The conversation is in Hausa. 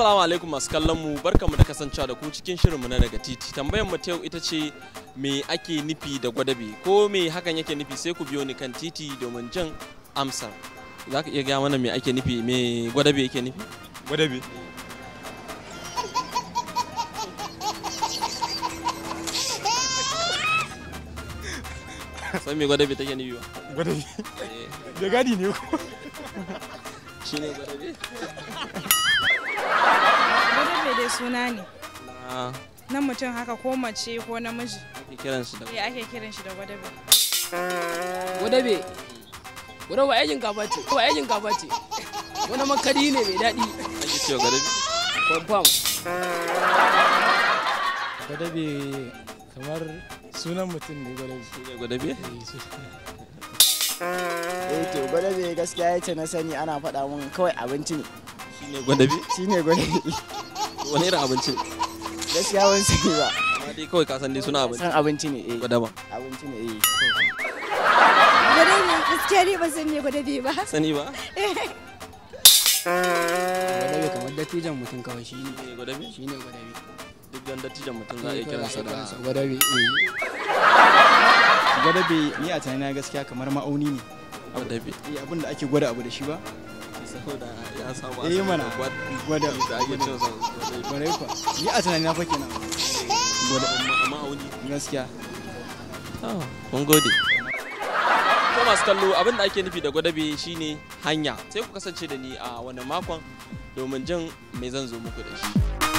Assalamu alaikum masu kallon mu barkamu da kasancewa da ku cikin shirinmu na daga titi. Tambayar mu ta yau ita ce me ake nufi da gwadabe ko me hakan yake nufi sai ku biyo ni kan titi domin jin amsar. Za ka iya gaya mana me ake nufi me gwadabe yake nufi? Gwadabe. Sai me gwadabe take nufi ba? Gwadabe. Da eh. gadi ne ko? shine gwadabe. suna ne na mutum haka ko mace ko namiji ake kiran eh, shi da gwadabe gwadabe gwada ba aikin kafa ce ba aikin kafa ce wani makari ne mai daɗi ake cewa gwadabe kwamfam gwadabe kamar sunan mutum ne gwadabe gwadabe eh, eh to gwadabe gaskiya ce na sani ana faɗa mun kawai abinci ne shine gwadabe shine gwadabe wani irin abinci gaskiya ban sani ba amma dai kawai ka san dai suna abinci san abinci ne eh gwadama abinci ne eh ne gaskiya ne ban sani gwadami ba sani ba eh. gwadabe kamar dattijan mutum kawai shi ne eh, gwadabe shi ne gwadabe duk don dattijan mutum za a kira kiransa da gwadabe gwadabe eh. ni a tunanina gaskiya kamar ma'auni ne gwadabe abin da ake gwada abu da shi ba saboda ya samu eh mana gwada da ake cewa gwada ku yi a tunani na fake na gwada amma a wuni gaskiya mun gode to masu kallo abin da ake nufi da gwadabe shine hanya sai ku kasance da ni a wannan makon domin jin me zan zo muku da shi